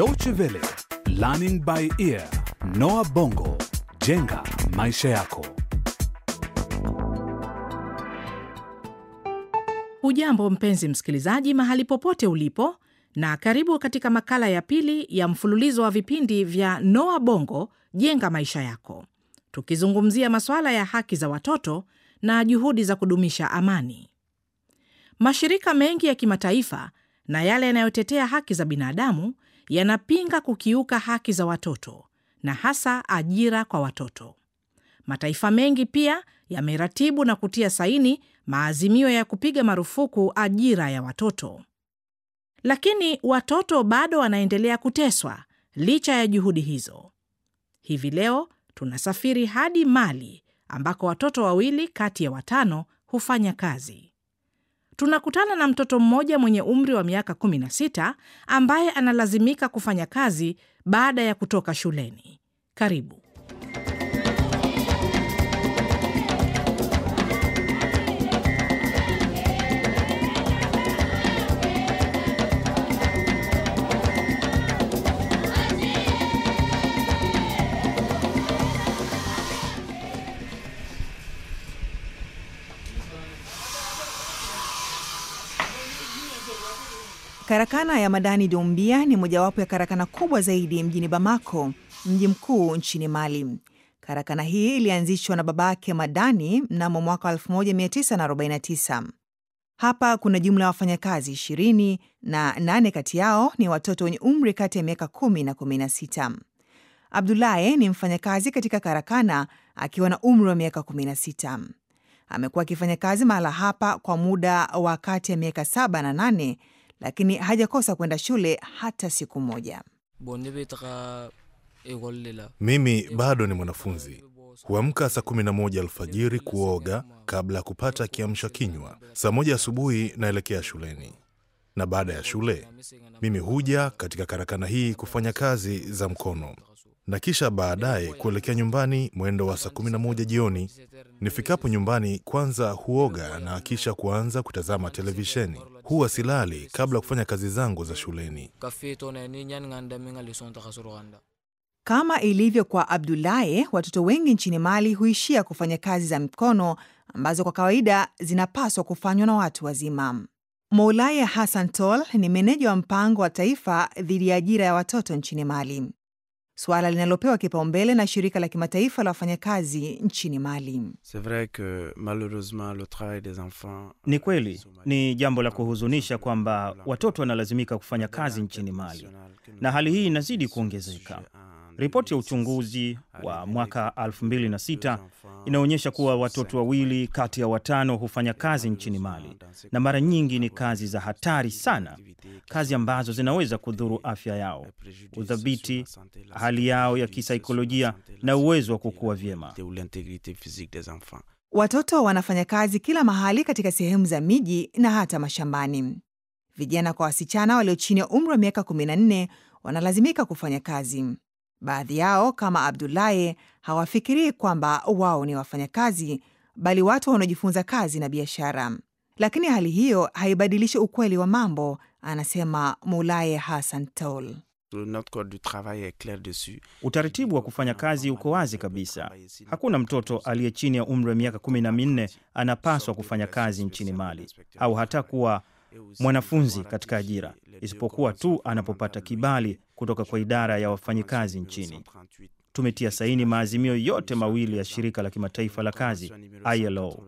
Deutsche Welle, Learning by Ear, Noah Bongo, Jenga Maisha Yako. Ujambo mpenzi msikilizaji mahali popote ulipo na karibu katika makala ya pili ya mfululizo wa vipindi vya Noah Bongo, Jenga Maisha Yako. Tukizungumzia masuala ya haki za watoto na juhudi za kudumisha amani. Mashirika mengi ya kimataifa na yale yanayotetea haki za binadamu yanapinga kukiuka haki za watoto na hasa ajira kwa watoto. Mataifa mengi pia yameratibu na kutia saini maazimio ya kupiga marufuku ajira ya watoto, lakini watoto bado wanaendelea kuteswa licha ya juhudi hizo. Hivi leo tunasafiri hadi Mali ambako watoto wawili kati ya watano hufanya kazi tunakutana na mtoto mmoja mwenye umri wa miaka 16 ambaye analazimika kufanya kazi baada ya kutoka shuleni. Karibu. Karakana ya madani dombia ni mojawapo ya karakana kubwa zaidi mjini Bamako, mji mkuu nchini Mali. Karakana hii ilianzishwa na babake Madani mnamo mwaka 1949. Hapa kuna jumla ya wafanyakazi 20 na nane kati yao ni watoto wenye umri kati ya miaka 10 na 16. Abdulaye ni mfanyakazi katika karakana akiwa na umri wa miaka 16. Amekuwa akifanya kazi mahala hapa kwa muda wa kati ya miaka saba na nane lakini hajakosa kwenda shule hata siku moja. E mimi bado ni mwanafunzi, huamka saa 11 alfajiri kuoga kabla ya kupata kiamsha kinywa. Saa moja asubuhi naelekea shuleni, na baada ya shule mimi huja katika karakana hii kufanya kazi za mkono na kisha baadaye kuelekea nyumbani mwendo wa saa 11 jioni. Nifikapo nyumbani, kwanza huoga na kisha kuanza kutazama televisheni huwa silali kabla ya kufanya kazi zangu za shuleni. Kama ilivyo kwa Abdulaye, watoto wengi nchini Mali huishia kufanya kazi za mikono ambazo kwa kawaida zinapaswa kufanywa na watu wazima. Moulaye Hassan Tol ni meneja wa mpango wa taifa dhidi ya ajira ya watoto nchini Mali suala linalopewa kipaumbele na shirika la kimataifa la wafanyakazi nchini Mali. Ni kweli, euh, ni jambo la kuhuzunisha kwamba watoto wanalazimika kufanya kazi nchini Mali na hali hii inazidi kuongezeka. Ripoti ya uchunguzi wa mwaka 2006 inaonyesha kuwa watoto wawili kati ya watano hufanya kazi nchini Mali, na mara nyingi ni kazi za hatari sana, kazi ambazo zinaweza kudhuru afya yao, udhabiti, hali yao ya kisaikolojia na uwezo wa kukua vyema. Watoto wanafanya kazi kila mahali katika sehemu za miji na hata mashambani. Vijana kwa wasichana walio chini ya umri wa miaka 14 wanalazimika kufanya kazi. Baadhi yao kama Abdulahi hawafikirii kwamba wao ni wafanyakazi, bali watu wanaojifunza kazi na biashara, lakini hali hiyo haibadilishi ukweli wa mambo, anasema Mulaye Hassan Tol. Utaratibu wa kufanya kazi uko wazi kabisa. Hakuna mtoto aliye chini ya umri wa miaka kumi na minne anapaswa kufanya kazi nchini Mali au hata kuwa mwanafunzi katika ajira, isipokuwa tu anapopata kibali kutoka kwa idara ya wafanyikazi nchini. Tumetia saini maazimio yote mawili ya shirika la kimataifa la kazi ILO,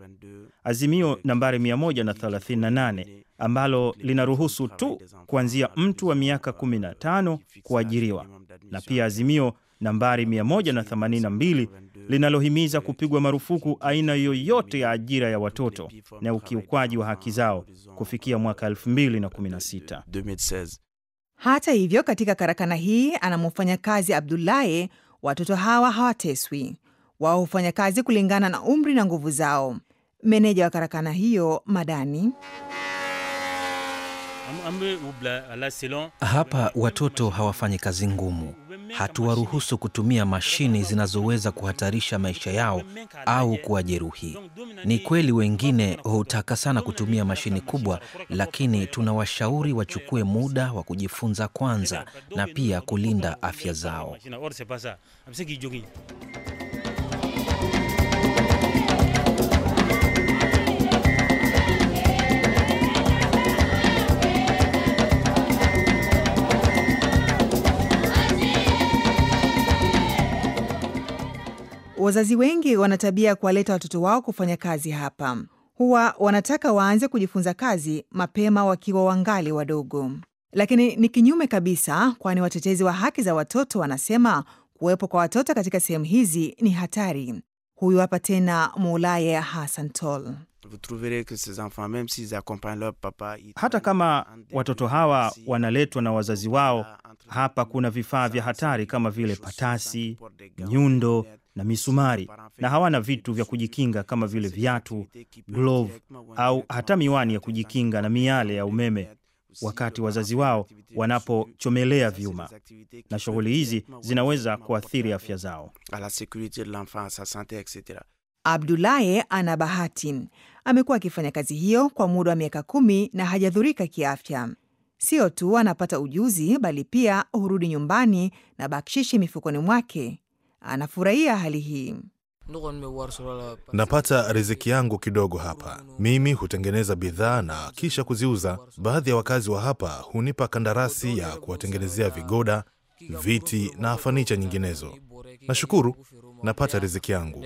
azimio nambari 138 ambalo linaruhusu tu kuanzia mtu wa miaka 15 kuajiriwa na pia azimio nambari 182 linalohimiza kupigwa marufuku aina yoyote ya ajira ya watoto na ukiukwaji wa haki zao kufikia mwaka 2016. Hata hivyo, katika karakana hii anamofanya kazi Abdulahi, watoto hawa hawateswi. Wao hufanya kazi kulingana na umri na nguvu zao. Meneja wa karakana hiyo Madani: hapa watoto hawafanyi kazi ngumu hatuwaruhusu kutumia mashini zinazoweza kuhatarisha maisha yao au kuwajeruhi. Ni kweli wengine hutaka sana kutumia mashini kubwa, lakini tunawashauri wachukue muda wa kujifunza kwanza na pia kulinda afya zao. Wazazi wengi wana tabia ya kuwaleta watoto wao kufanya kazi hapa. Huwa wanataka waanze kujifunza kazi mapema wakiwa wangali wadogo, lakini ni kinyume kabisa, kwani watetezi wa haki za watoto wanasema kuwepo kwa watoto katika sehemu hizi ni hatari. Huyu hapa tena Muulaye Hassan tol hata kama watoto hawa wanaletwa na wazazi wao hapa, kuna vifaa vya hatari kama vile patasi, nyundo na misumari, na hawana vitu vya kujikinga kama vile viatu, glove au hata miwani ya kujikinga na miale ya umeme wakati wazazi wao wanapochomelea vyuma, na shughuli hizi zinaweza kuathiri afya zao. Abdulaye ana bahati, amekuwa akifanya kazi hiyo kwa muda wa miaka kumi na hajadhurika kiafya. Sio tu anapata ujuzi, bali pia hurudi nyumbani na bakshishi mifukoni mwake. Anafurahia hali hii. Napata riziki yangu kidogo hapa. Mimi hutengeneza bidhaa na kisha kuziuza. Baadhi ya wakazi wa hapa hunipa kandarasi ya kuwatengenezea vigoda, viti na fanicha nyinginezo. Nashukuru napata riziki yangu.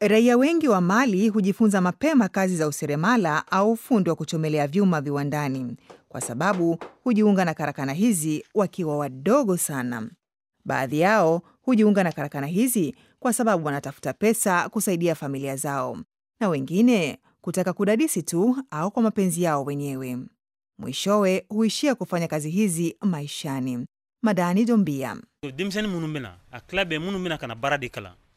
Raia wengi wa Mali hujifunza mapema kazi za useremala au ufundi wa kuchomelea vyuma viwandani, kwa sababu hujiunga na karakana hizi wakiwa wadogo sana. Baadhi yao hujiunga na karakana hizi kwa sababu wanatafuta pesa kusaidia familia zao, na wengine kutaka kudadisi tu au kwa mapenzi yao wenyewe. Mwishowe huishia kufanya kazi hizi maishani, Madani Dombia.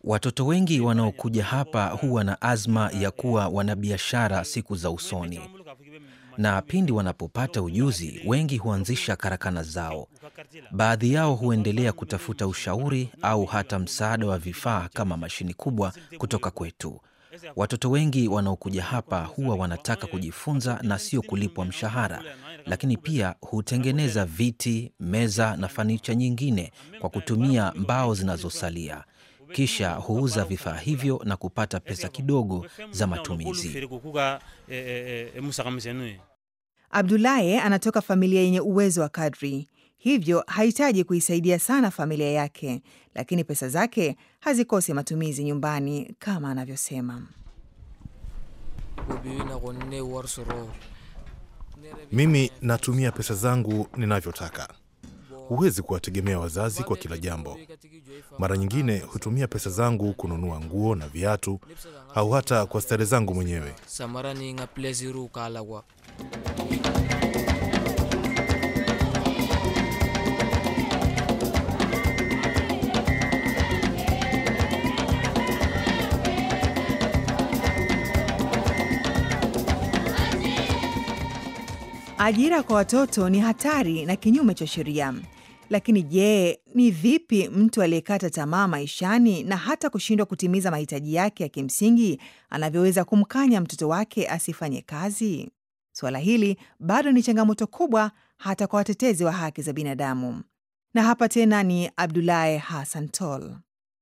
Watoto wengi wanaokuja hapa huwa na azma ya kuwa wanabiashara siku za usoni, na pindi wanapopata ujuzi, wengi huanzisha karakana zao. Baadhi yao huendelea kutafuta ushauri au hata msaada wa vifaa kama mashini kubwa kutoka kwetu. Watoto wengi wanaokuja hapa huwa wanataka kujifunza na sio kulipwa mshahara, lakini pia hutengeneza viti, meza na fanicha nyingine kwa kutumia mbao zinazosalia. Kisha huuza vifaa hivyo na kupata pesa kidogo za matumizi. Abdulaye anatoka familia yenye uwezo wa kadri hivyo hahitaji kuisaidia sana familia yake, lakini pesa zake hazikosi matumizi nyumbani kama anavyosema. Mimi natumia pesa zangu ninavyotaka. Huwezi kuwategemea wazazi kwa kila jambo. Mara nyingine hutumia pesa zangu kununua nguo na viatu au hata kwa starehe zangu mwenyewe. Ajira kwa watoto ni hatari na kinyume cha sheria. Lakini je, ni vipi mtu aliyekata tamaa maishani na hata kushindwa kutimiza mahitaji yake ya kimsingi anavyoweza kumkanya mtoto wake asifanye kazi? Suala hili bado ni changamoto kubwa hata kwa watetezi wa haki za binadamu. Na hapa tena ni Abdulahi Hassan Tol.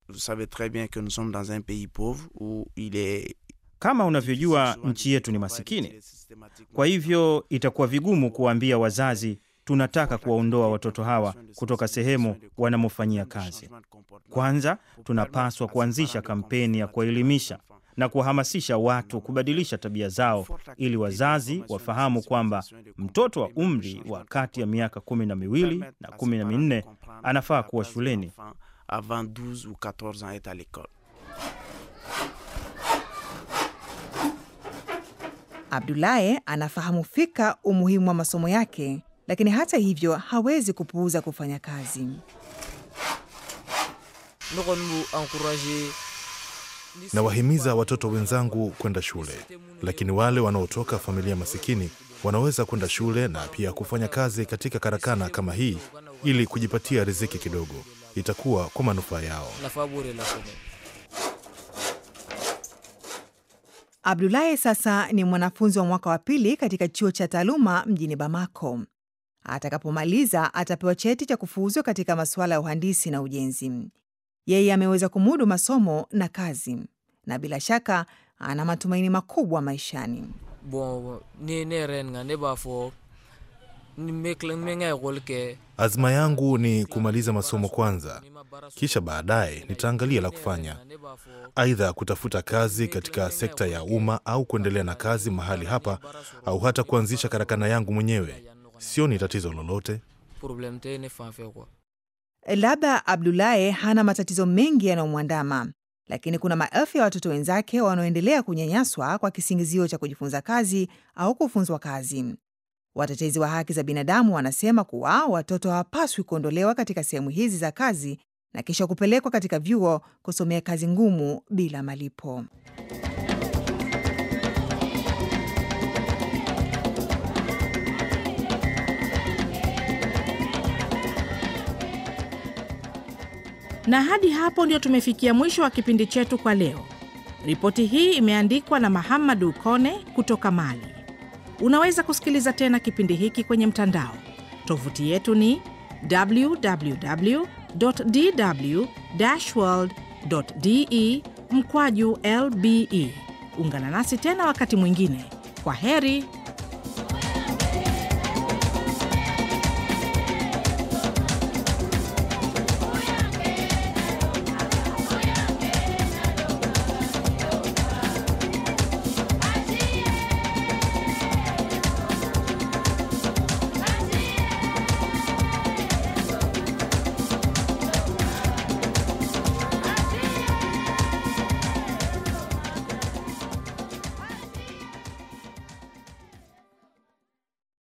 Vous savez très bien que nous sommes dans un pays pauvre où il est kama unavyojua, nchi yetu ni masikini, kwa hivyo itakuwa vigumu kuwaambia wazazi tunataka kuwaondoa watoto hawa kutoka sehemu wanamofanyia kazi. Kwanza tunapaswa kuanzisha kampeni ya kuwaelimisha na kuwahamasisha watu kubadilisha tabia zao, ili wazazi wafahamu kwamba mtoto wa umri wa kati ya miaka kumi na miwili na kumi na minne anafaa kuwa shuleni. Abdulaye anafahamu fika umuhimu wa masomo yake, lakini hata hivyo hawezi kupuuza kufanya kazi. Nawahimiza watoto wenzangu kwenda shule, lakini wale wanaotoka familia masikini wanaweza kwenda shule na pia kufanya kazi katika karakana kama hii ili kujipatia riziki kidogo. Itakuwa kwa manufaa yao. Abdulahi sasa ni mwanafunzi wa mwaka wa pili katika chuo cha taaluma mjini Bamako. Atakapomaliza atapewa cheti cha kufuzwa katika masuala ya uhandisi na ujenzi. Yeye ameweza kumudu masomo na kazi, na bila shaka ana matumaini makubwa maishani. Bon, ne, ni renga, ni bafo. Azma yangu ni kumaliza masomo kwanza, kisha baadaye nitaangalia la kufanya, aidha kutafuta kazi katika sekta ya umma au kuendelea na kazi mahali hapa, au hata kuanzisha karakana yangu mwenyewe. ni tatizo lolote. Labda Abdulahi hana matatizo mengi yanayomwandama, lakini kuna maelfu ya watoto wenzake wanaoendelea kunyanyaswa kwa kisingizio cha kujifunza kazi au kufunzwa kazi. Watetezi wa haki za binadamu wanasema kuwa watoto hawapaswi kuondolewa katika sehemu hizi za kazi na kisha kupelekwa katika vyuo kusomea kazi ngumu bila malipo. Na hadi hapo ndio tumefikia mwisho wa kipindi chetu kwa leo. Ripoti hii imeandikwa na Mahamadu Kone kutoka Mali. Unaweza kusikiliza tena kipindi hiki kwenye mtandao. Tovuti yetu ni www e mkwaju lbe. Ungana nasi tena wakati mwingine. Kwa heri.